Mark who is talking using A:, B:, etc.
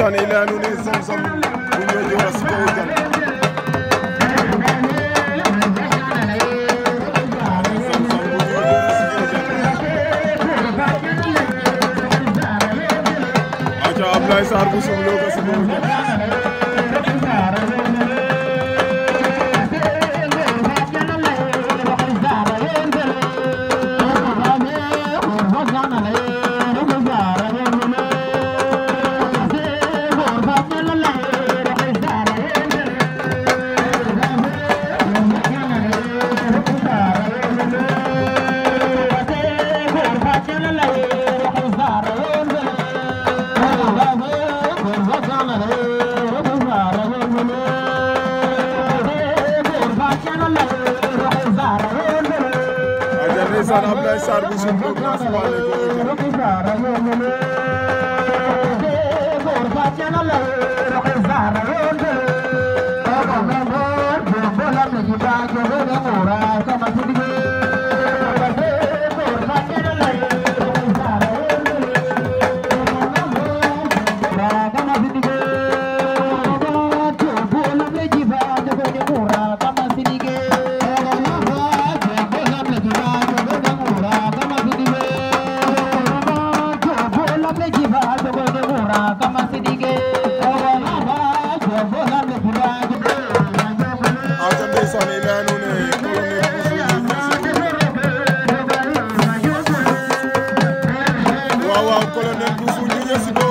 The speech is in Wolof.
A: الإنسان إلى أن زمزم ويجي رسمه وجنة
B: عبد الله يسار بوسم لوكا سمو
A: Sar Abdoulaye Sarr bu suñ ko principal Thank you. sani lanu ne colonel Boussou Diouf waaw